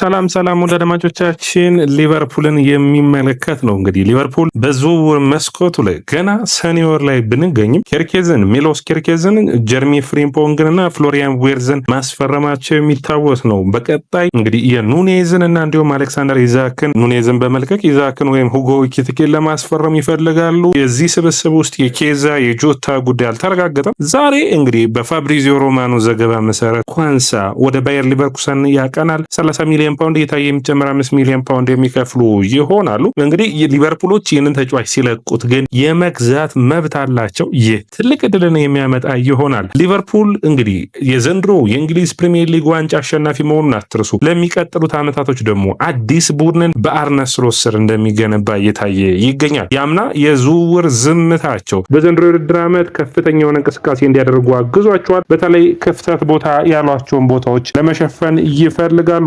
ሰላም ሰላም ወደ አድማጮቻችን፣ ሊቨርፑልን የሚመለከት ነው። እንግዲህ ሊቨርፑል በዝውውር መስኮቱ ላይ ገና ሰኔ ላይ ብንገኝም ኬርኬዝን፣ ሚሎስ ኬርኬዝን፣ ጀርሚ ፍሪምፖንግንና ፍሎሪያን ዌርዝን ማስፈረማቸው የሚታወስ ነው። በቀጣይ እንግዲህ የኑኔዝን እና እንዲሁም አሌክሳንደር ኢዛክን ኑኔዝን በመልቀቅ ኢዛክን ወይም ሁጎ ኪትኬን ለማስፈረም ይፈልጋሉ። የዚህ ስብስብ ውስጥ የኬዛ የጆታ ጉዳይ አልተረጋገጠም። ዛሬ እንግዲህ በፋብሪዚዮ ሮማኑ ዘገባ መሰረት ኳንሳ ወደ ባየር ሊቨርኩሰን ያቀናል 30 ሚሊዮን ሚሊዮን ፓውንድ እየታየ የሚጨምር አምስት ሚሊዮን ፓውንድ የሚከፍሉ ይሆናሉ። እንግዲህ ሊቨርፑሎች ይህንን ተጫዋች ሲለቁት ግን የመግዛት መብት አላቸው። ይህ ትልቅ እድልን የሚያመጣ ይሆናል። ሊቨርፑል እንግዲህ የዘንድሮ የእንግሊዝ ፕሪሚየር ሊግ ዋንጫ አሸናፊ መሆኑን አትርሱ። ለሚቀጥሉት ዓመታቶች ደግሞ አዲስ ቡድንን በአርነ ስሎት ስር እንደሚገነባ እየታየ ይገኛል። ያምና የዝውውር ዝምታቸው በዘንድሮ የውድድር ዓመት ከፍተኛ የሆነ እንቅስቃሴ እንዲያደርጉ አግዟቸዋል። በተለይ ክፍተት ቦታ ያሏቸውን ቦታዎች ለመሸፈን ይፈልጋሉ።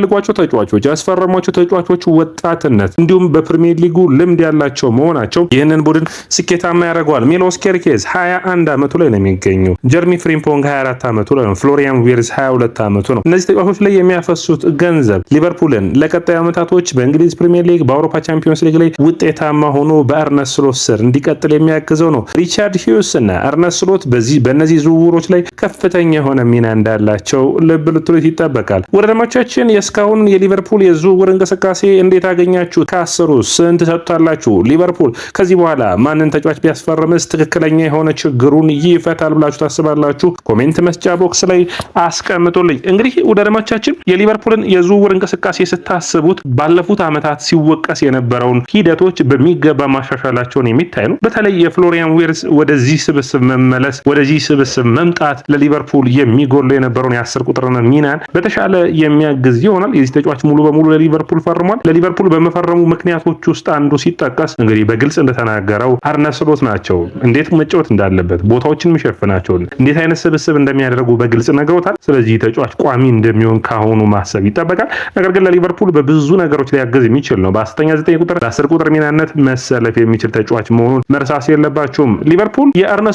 የሚፈልጓቸው ተጫዋቾች ያስፈረሟቸው ተጫዋቾች ወጣትነት እንዲሁም በፕሪሚየር ሊጉ ልምድ ያላቸው መሆናቸው ይህንን ቡድን ስኬታማ ያደርገዋል። ሚሎስ ኬርኬዝ 21 ዓመቱ ላይ ነው የሚገኘው። ጀርሚ ፍሪምፖንግ 24 ዓመቱ ላይ ነው። ፍሎሪያን ቪርዝ 22 ዓመቱ ነው። እነዚህ ተጫዋቾች ላይ የሚያፈሱት ገንዘብ ሊቨርፑልን ለቀጣዩ ዓመታቶች በእንግሊዝ ፕሪሚየር ሊግ፣ በአውሮፓ ቻምፒዮንስ ሊግ ላይ ውጤታማ ሆኖ በአርነስሎት ስሎት ስር እንዲቀጥል የሚያግዘው ነው። ሪቻርድ ሂውስ እና አርነ ስሎት በዚህ በእነዚህ ዝውውሮች ላይ ከፍተኛ የሆነ ሚና እንዳላቸው ልብ ልትሉት ይጠበቃል። ወደ ደማቻችን እስካሁን የሊቨርፑል የዝውውር እንቅስቃሴ እንዴት አገኛችሁ? ከአስሩ ስንት ሰጥቷላችሁ ሊቨርፑል ከዚህ በኋላ ማንን ተጫዋች ቢያስፈርምስ ትክክለኛ የሆነ ችግሩን ይፈታል ብላችሁ ታስባላችሁ? ኮሜንት መስጫ ቦክስ ላይ አስቀምጡልኝ። እንግዲህ ውደድማቻችን የሊቨርፑልን የዝውውር እንቅስቃሴ ስታስቡት ባለፉት ዓመታት ሲወቀስ የነበረውን ሂደቶች በሚገባ ማሻሻላቸውን የሚታይ ነው። በተለይ የፍሎሪያን ዌርዝ ወደዚህ ስብስብ መመለስ ወደዚህ ስብስብ መምጣት ለሊቨርፑል የሚጎለው የነበረውን የአስር ቁጥር ሚናን በተሻለ የሚያግዝ የሆነ ሆኗል። የዚህ ተጫዋች ሙሉ በሙሉ ለሊቨርፑል ፈርሟል። ለሊቨርፑል በመፈረሙ ምክንያቶች ውስጥ አንዱ ሲጠቀስ እንግዲህ በግልጽ እንደተናገረው አርነ ስሎት ናቸው። እንዴት መጫወት እንዳለበት ቦታዎችን የሚሸፍናቸው እንዴት አይነት ስብስብ እንደሚያደርጉ በግልጽ ነግረውታል። ስለዚህ ተጫዋች ቋሚ እንደሚሆን ካሁኑ ማሰብ ይጠበቃል። ነገር ግን ለሊቨርፑል በብዙ ነገሮች ሊያገዝ የሚችል ነው። በአስተኛ ዘጠኝ ቁጥር ለአስር ቁጥር ሚናነት መሰለፍ የሚችል ተጫዋች መሆኑን መርሳስ የለባቸውም። ሊቨርፑል የአርነ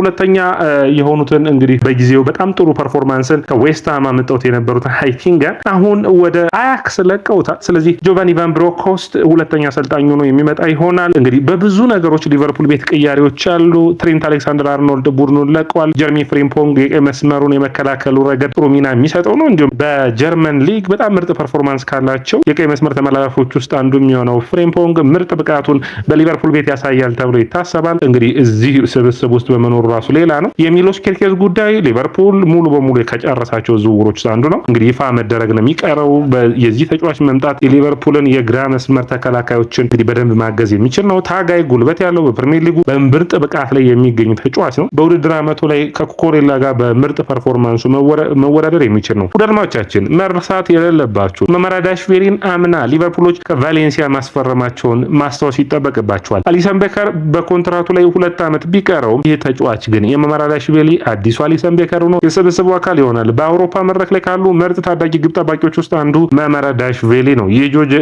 ሁለተኛ የሆኑትን እንግዲህ በጊዜው በጣም ጥሩ ፐርፎርማንስን ከዌስትሃም አምጠውት የነበሩትን ሃይቲንገን አሁን ወደ አያክስ ለቀውታል። ስለዚህ ጆቫኒ ቫን ብሮኮስት ሁለተኛ አሰልጣኝ ሆኖ የሚመጣ ይሆናል። እንግዲህ በብዙ ነገሮች ሊቨርፑል ቤት ቅያሬዎች አሉ። ትሬንት አሌክሳንደር አርኖልድ ቡድኑን ለቋል። ጀርሚ ፍሪምፖንግ መስመሩን የመከላከሉ ረገድ ጥሩ ሚና የሚሰጠው ነው። እንዲሁም በጀርመን ሊግ በጣም ምርጥ ፐርፎርማንስ ካላቸው የቀይ መስመር ተመላላፎች ውስጥ አንዱ የሚሆነው ፍሬምፖንግ ምርጥ ብቃቱን በሊቨርፑል ቤት ያሳያል ተብሎ ይታሰባል። እንግዲህ እዚህ ስብስብ ውስጥ በመኖሩ ራሱ ሌላ ነው። የሚሎስ ኬርኬዝ ጉዳይ ሊቨርፑል ሙሉ በሙሉ ከጨረሳቸው ዝውውሮች ውስጥ አንዱ ነው። እንግዲህ ይፋ መደረግ ነው የሚቀ የቀረው የዚህ ተጫዋች መምጣት የሊቨርፑልን የግራ መስመር ተከላካዮችን እንግዲህ በደንብ ማገዝ የሚችል ነው። ታጋይ ጉልበት ያለው በፕሪሚየር ሊጉ በምርጥ ብቃት ላይ የሚገኝ ተጫዋች ነው። በውድድር ዓመቱ ላይ ከኮኮሬላ ጋር በምርጥ ፐርፎርማንሱ መወዳደር የሚችል ነው። ውደድማዎቻችን መርሳት የሌለባችሁ ማራዳሽቪሊን አምና ሊቨርፑሎች ከቫሌንሲያ ማስፈረማቸውን ማስታወስ ይጠበቅባቸዋል። አሊሰን ቤከር በኮንትራቱ ላይ ሁለት ዓመት ቢቀረውም ይህ ተጫዋች ግን የማራዳሽቪሊ አዲሱ አሊሰን ቤከር ሆኖ የስብስቡ አካል ይሆናል። በአውሮፓ መድረክ ላይ ካሉ ምርጥ ታዳጊ ግብ ጠባቂዎች ውስጥ አንዱ መመራ ዳሽቬሊ ነው።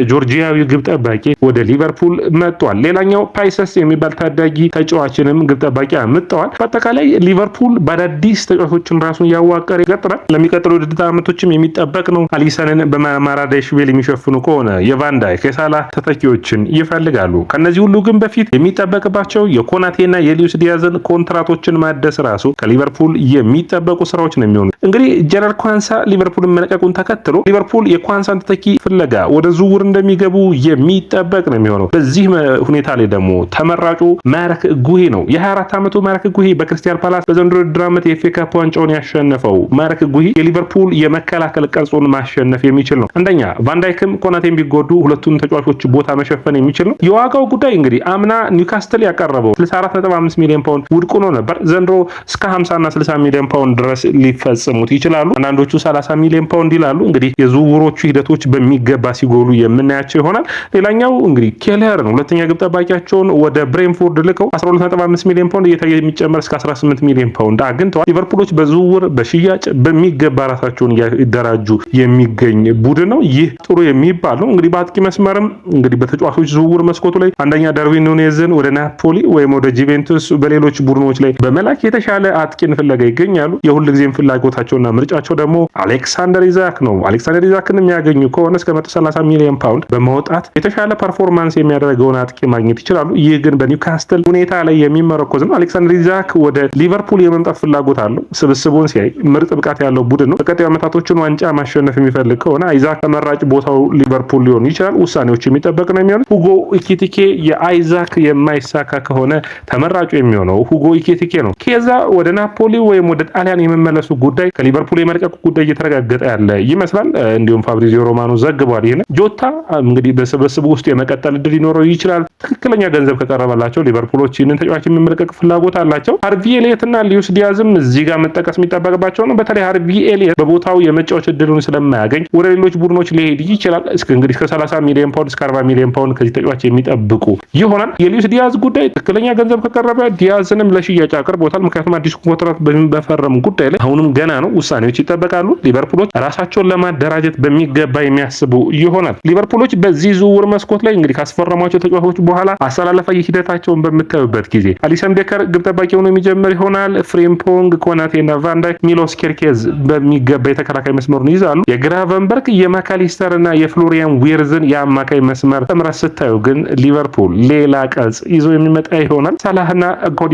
የጆርጂያዊ ግብ ጠባቂ ወደ ሊቨርፑል መጥቷል። ሌላኛው ፓይሰስ የሚባል ታዳጊ ተጫዋችንም ግብ ጠባቂ አምጥተዋል። በአጠቃላይ ሊቨርፑል በአዳዲስ ተጫዋቾችን ራሱን ያዋቀር ይቀጥላል። ለሚቀጥሉ ውድድር ዓመቶችም የሚጠበቅ ነው። አሊሰንን በመመራ ቬሊ የሚሸፍኑ ከሆነ የቫንዳይክ የሳላ ተተኪዎችን ይፈልጋሉ። ከነዚህ ሁሉ ግን በፊት የሚጠበቅባቸው የኮናቴና የሊዩስ ዲያዝን ኮንትራቶችን ማደስ ራሱ ከሊቨርፑል የሚጠበቁ ስራዎች ነው የሚሆኑ እንግዲህ ጀነራል ኳንሳ ሊቨርፑልን መለቀቁን ተከትሎ ሊቨርፑል የኳንሳን ተተኪ ፍለጋ ወደ ዝውውር እንደሚገቡ የሚጠበቅ ነው የሚሆነው። በዚህ ሁኔታ ላይ ደግሞ ተመራጩ ማርክ ጉሄ ነው። የ24 ዓመቱ ማርክ ጉሂ በክርስቲያን ፓላስ በዘንድሮ ውድድር ዓመት የኤፍ ኤ ካፕ ዋንጫውን ያሸነፈው ማርክ ጉሂ የሊቨርፑል የመከላከል ቅርጹን ማሸነፍ የሚችል ነው። አንደኛ ቫንዳይክም ኮናቴ ቢጎዱ ሁለቱን ተጫዋቾች ቦታ መሸፈን የሚችል ነው። የዋጋው ጉዳይ እንግዲህ አምና ኒውካስትል ያቀረበው 64.5 ሚሊዮን ፓውንድ ውድቁ ነው ነበር። ዘንድሮ እስከ 50 እና 60 ሚሊዮን ፓውንድ ድረስ ሊፈጽሙት ይችላሉ። አንዳንዶቹ 30 ሚሊዮን ፓውንድ ይላሉ። እንግዲህ የዙ ዝውውሮቹ ሂደቶች በሚገባ ሲጎሉ የምናያቸው ይሆናል። ሌላኛው እንግዲህ ኬለር ነው። ሁለተኛ ግብ ጠባቂያቸውን ወደ ብሬንፎርድ ልከው 12.5 ሚሊዮን ፓውንድ እየታየ የሚጨመር እስከ 18 ሚሊዮን ፓውንድ አግኝተዋል። ሊቨርፑሎች በዝውውር በሽያጭ በሚገባ ራሳቸውን እያደራጁ የሚገኝ ቡድን ነው። ይህ ጥሩ የሚባል ነው። እንግዲህ በአጥቂ መስመርም እንግዲህ በተጫዋቾች ዝውውር መስኮቱ ላይ አንደኛ ዳርዊን ኑኔዝን ወደ ናፖሊ ወይም ወደ ጁቬንቱስ በሌሎች ቡድኖች ላይ በመላክ የተሻለ አጥቂን ፍለጋ ይገኛሉ። ጊዜም ፍላጎታቸውና ምርጫቸው ደግሞ አሌክሳንደር ኢዛክ ነው። አሌክሳንደር ቢዛክን የሚያገኙ ከሆነ እስከ 130 ሚሊዮን ፓውንድ በመውጣት የተሻለ ፐርፎርማንስ የሚያደርገውን አጥቂ ማግኘት ይችላሉ። ይህ ግን በኒውካስትል ሁኔታ ላይ የሚመረኮዝ ነው። አሌክሳንደር ቢዛክ ወደ ሊቨርፑል የመምጣት ፍላጎት አለው። ስብስቡን ሲያይ ምርጥ ብቃት ያለው ቡድን ነው። በቀጣዩ ዓመታቶችን ዋንጫ ማሸነፍ የሚፈልግ ከሆነ አይዛክ ተመራጭ ቦታው ሊቨርፑል ሊሆን ይችላል። ውሳኔዎች የሚጠበቅ ነው የሚሆነው። ሁጎ ኢኪቲኬ የአይዛክ የማይሳካ ከሆነ ተመራጩ የሚሆነው ሁጎ ኢኪቲኬ ነው። ከዛ ወደ ናፖሊ ወይም ወደ ጣሊያን የመመለሱ ጉዳይ ከሊቨርፑል የመልቀቁ ጉዳይ እየተረጋገጠ ያለ ይመስላል። እንዲሁም ፋብሪዚዮ ሮማኖ ዘግቧል። ይህን ጆታ እንግዲህ በስብስብ ውስጥ የመቀጠል እድል ሊኖረው ይችላል። ትክክለኛ ገንዘብ ከቀረበላቸው ሊቨርፑሎች ይህንን ተጫዋች የሚመለቀቅ ፍላጎት አላቸው። ሃርቪ ኤሊየት እና ሊዩስ ዲያዝም እዚህ ጋር መጠቀስ የሚጠበቅባቸው ነው። በተለይ ሃርቪ ኤሊየት በቦታው የመጫወች እድሉን ስለማያገኝ ወደ ሌሎች ቡድኖች ሊሄድ ይችላል። እንግዲህ እስከ 30 ሚሊዮን ፓውንድ እስከ 40 ሚሊዮን ፓውንድ ከዚህ ተጫዋች የሚጠብቁ ይሆናል። የሊዩስ ዲያዝ ጉዳይ ትክክለኛ ገንዘብ ከቀረበ ዲያዝንም ለሽያጭ አቅርቦታል። ምክንያቱም አዲሱ ኮንትራት በፈረም ጉዳይ ላይ አሁንም ገና ነው፣ ውሳኔዎች ይጠበቃሉ። ሊቨርፑሎች ራሳቸውን ለማደራጀ ለማደራጀት በሚገባ የሚያስቡ ይሆናል። ሊቨርፑሎች በዚህ ዝውውር መስኮት ላይ እንግዲህ ካስፈረሟቸው ተጫዋቾች በኋላ አሰላለፋ ሂደታቸውን በምታዩበት ጊዜ አሊሰን ቤከር ግብ ጠባቂ ሆኖ የሚጀምር ይሆናል። ፍሬምፖንግ፣ ኮናቴና ቫንዳይክ፣ ሚሎስ ኬርኬዝ በሚገባ የተከላካይ መስመሩን ይዛሉ። የግራቨንበርግ የማካሊስተርና የፍሎሪያን ዊርዝን የአማካይ መስመር ጥምረት ስታዩ ግን ሊቨርፑል ሌላ ቀጽ ይዞ የሚመጣ ይሆናል። ሳላህና ኮዲ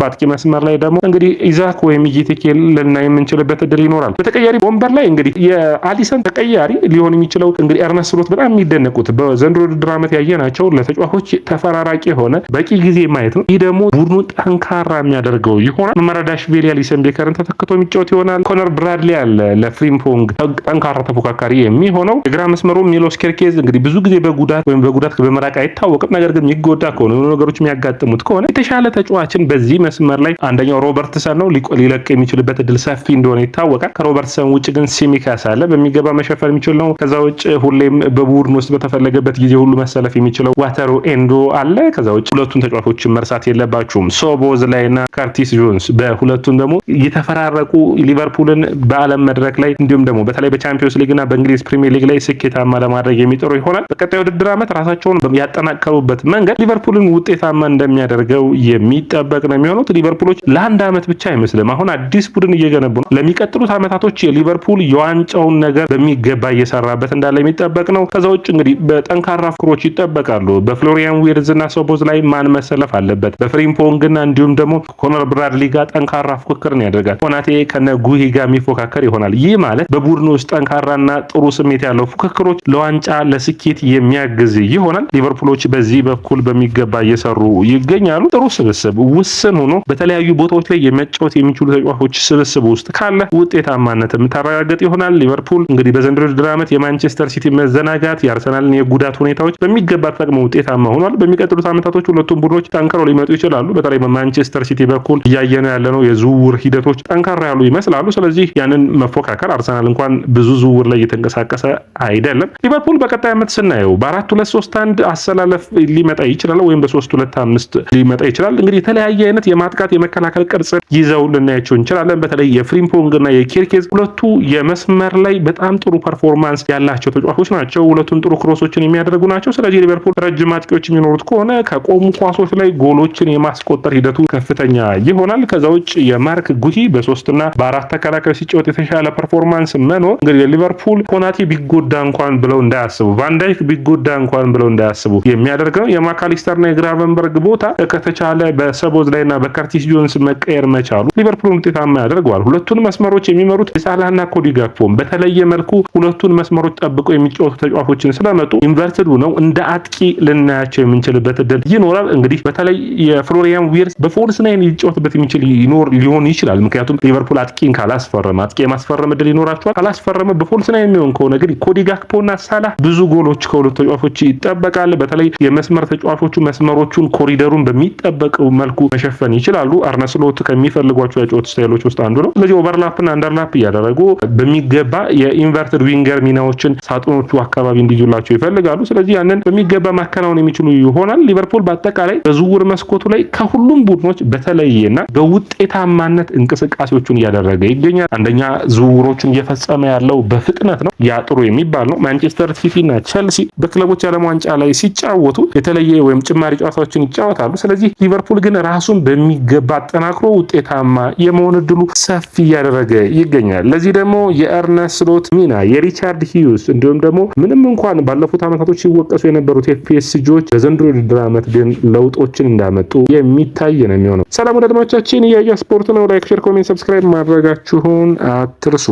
በአጥቂ መስመር ላይ ደግሞ እንግዲህ ኢዛክ ወይም ኢጂቲኬ ልናይ የምንችልበት እድል ይኖራል። በተቀያሪ ወንበር ላይ እንግዲህ የአሊሰን ተቀያሪ ሊሆን የሚችለው እንግዲህ ኤርነስት ሩት በጣም የሚደነቁት በዘንድሮ ውድድር ዓመት ያየናቸው ለተጫዋቾች ተፈራራቂ የሆነ በቂ ጊዜ ማየት ነው። ይህ ደግሞ ቡድኑ ጠንካራ የሚያደርገው ይሆናል። ማራዳሽቪሊ አሊሰን ቤከርን ተተክቶ የሚጫወት ይሆናል። ኮነር ብራድሊ አለ ለፍሪምፖንግ ጠንካራ ተፎካካሪ የሚሆነው የግራ መስመሩ ሚሎስ ኬርኬዝ እንግዲህ ብዙ ጊዜ በጉዳት ወይም በጉዳት በመራቅ አይታወቅም። ነገር ግን የሚጎዳ ከሆነ ነገሮች የሚያጋጥሙት ከሆነ የተሻለ ተጫዋችን በዚህ መስመር ላይ አንደኛው ሮበርትሰን ነው። ሊለቅ የሚችልበት እድል ሰፊ እንደሆነ ይታወቃል። ከሮበርትሰን ውጭ ግን ሲሚካስ አለ በሚገ ጀርባ መሸፈን የሚችል ነው። ከዛ ውጭ ሁሌም በቡድን ውስጥ በተፈለገበት ጊዜ ሁሉ መሰለፍ የሚችለው ዋተሮ ኤንዶ አለ። ከዛ ውጭ ሁለቱን ተጫዋቾችን መርሳት የለባችሁም። ሶቦዝ ላይ ና ካርቲስ ጆንስ በሁለቱን ደግሞ የተፈራረቁ ሊቨርፑልን በዓለም መድረክ ላይ እንዲሁም ደግሞ በተለይ በቻምፒዮንስ ሊግ ና በእንግሊዝ ፕሪሚየር ሊግ ላይ ስኬታማ ለማድረግ የሚጥሩ ይሆናል። በቀጣይ ውድድር ዓመት ራሳቸውን ያጠናከሩበት መንገድ ሊቨርፑልን ውጤታማ እንደሚያደርገው የሚጠበቅ ነው የሚሆኑት። ሊቨርፑሎች ለአንድ ዓመት ብቻ አይመስልም። አሁን አዲስ ቡድን እየገነቡ ነው። ለሚቀጥሉት ዓመታቶች የሊቨርፑል የዋንጫውን ነገር በሚገባ እየሰራበት እንዳለ የሚጠበቅ ነው። ከዛ ውጭ እንግዲህ በጠንካራ ፍክሮች ይጠበቃሉ። በፍሎሪያን ዊርዝና ሶቦዝ ላይ ማን መሰለፍ አለበት? በፍሪምፖንግና እንዲሁም ደግሞ ኮኖር ብራድሊ ጋር ጠንካራ ፉክክርን ያደርጋል። ኮናቴ ከነ ጉሂ ጋር የሚፎካከር ይሆናል። ይህ ማለት በቡድን ውስጥ ጠንካራና ጥሩ ስሜት ያለው ፉክክሮች ለዋንጫ ለስኬት የሚያግዝ ይሆናል። ሊቨርፑሎች በዚህ በኩል በሚገባ እየሰሩ ይገኛሉ። ጥሩ ስብስብ ውስን ሆኖ በተለያዩ ቦታዎች ላይ የመጫወት የሚችሉ ተጫዋቾች ስብስብ ውስጥ ካለ ውጤታማነት የምታረጋገጥ ይሆናል። ሊቨርፑል እንግዲህ በዘንድሮ ውድድር ዓመት የማንቸስተር ሲቲ መዘናጋት የአርሰናልን የጉዳት ሁኔታዎች በሚገባ ተጠቅሞ ውጤታማ ሆኗል። በሚቀጥሉት ዓመታቶች ሁለቱም ቡድኖች ጠንክረው ሊመጡ ይችላሉ። በተለይ በማንቸስተር ሲቲ በኩል እያየነው ያለነው የዝውውር ሂደቶች ጠንካራ ያሉ ይመስላሉ። ስለዚህ ያንን መፎካከል አርሰናል እንኳን ብዙ ዝውውር ላይ እየተንቀሳቀሰ አይደለም። ሊቨርፑል በቀጣይ ዓመት ስናየው በአራት ሁለት ሶስት አንድ አሰላለፍ ሊመጣ ይችላል ወይም በሶስት ሁለት አምስት ሊመጣ ይችላል። እንግዲህ የተለያየ አይነት የማጥቃት የመከላከል ቅርጽ ይዘው ልናያቸው እንችላለን። በተለይ የፍሪምፖንግ እና የኬርኬዝ ሁለቱ የመስመር ላይ በጣም በጣም ጥሩ ፐርፎርማንስ ያላቸው ተጫዋቾች ናቸው። ሁለቱም ጥሩ ክሮሶችን የሚያደርጉ ናቸው። ስለዚህ ሊቨርፑል ረጅም አጥቂዎች የሚኖሩት ከሆነ ከቆሙ ኳሶች ላይ ጎሎችን የማስቆጠር ሂደቱ ከፍተኛ ይሆናል። ከዛ ውጭ የማርክ ጉሂ በሶስትና በአራት ተከላካዮች ሲጫወት የተሻለ ፐርፎርማንስ መኖር እንግዲህ የሊቨርፑል ኮናቴ ቢጎዳ እንኳን ብለው እንዳያስቡ፣ ቫንዳይክ ቢጎዳ እንኳን ብለው እንዳያስቡ የሚያደርግ ነው። የማካሊስተርና የግራቨንበርግ ቦታ ከተቻለ በሰቦዝ ላይና በከርቲስ ጆንስ መቀየር መቻሉ ሊቨርፑልን ውጤታማ ያደርገዋል። ሁለቱን መስመሮች የሚመሩት የሳላህና ኮዲ ጋክፖም በተለየ መልኩ መልኩ ሁለቱን መስመሮች ጠብቆ የሚጫወቱ ተጫዋቾችን ስለመጡ ኢንቨርትድ ነው እንደ አጥቂ ልናያቸው የምንችልበት እድል ይኖራል። እንግዲህ በተለይ የፍሎሪያን ዊርስ በፎልስ ናይን ሊጫወትበት የሚችል ይኖር ሊሆን ይችላል። ምክንያቱም ሊቨርፑል አጥቂን ካላስፈረመ አጥቂ የማስፈረም እድል ይኖራቸዋል። ካላስፈረመ በፎልስ ናይን የሚሆን ከሆነ ግን ኮዲ ጋክፖና ሳላ ብዙ ጎሎች ከሁለቱ ተጫዋቾች ይጠበቃል። በተለይ የመስመር ተጫዋቾቹ መስመሮቹን ኮሪደሩን በሚጠበቀው መልኩ መሸፈን ይችላሉ። አርነ ስሎት ከሚፈልጓቸው የጨዋታ ስታይሎች ውስጥ አንዱ ነው። ስለዚህ ኦቨርላፕና አንደርላፕ እያደረጉ በሚገባ ኢንቨርትድ ዊንገር ሚናዎችን ሳጥኖቹ አካባቢ እንዲይዙላቸው ይፈልጋሉ። ስለዚህ ያንን በሚገባ ማከናወን የሚችሉ ይሆናል። ሊቨርፑል በአጠቃላይ በዝውውር መስኮቱ ላይ ከሁሉም ቡድኖች በተለየና በውጤታማነት እንቅስቃሴዎቹን እያደረገ ይገኛል። አንደኛ ዝውውሮቹን እየፈጸመ ያለው በፍጥነት ነው። ያ ጥሩ የሚባል ነው። ማንቸስተር ሲቲና ቸልሲ በክለቦች ዓለም ዋንጫ ላይ ሲጫወቱ የተለየ ወይም ጭማሪ ጨዋታዎችን ይጫወታሉ። ስለዚህ ሊቨርፑል ግን ራሱን በሚገባ አጠናክሮ ውጤታማ የመሆን እድሉ ሰፊ እያደረገ ይገኛል። ለዚህ ደግሞ የኤርነስት ስሎት ሚና የሪቻርድ ሂዩስ እንዲሁም ደግሞ ምንም እንኳን ባለፉት ዓመታቶች ሲወቀሱ የነበሩት የፒኤስጂዎች በዘንድሮ ውድድር ዓመት ግን ለውጦችን እንዳመጡ የሚታይ ነው የሚሆነው። ሰላም ወዳድማቻችን፣ የያ ስፖርት ነው። ላይክ፣ ሼር፣ ኮሜንት፣ ሰብስክራይብ ማድረጋችሁን አትርሱ።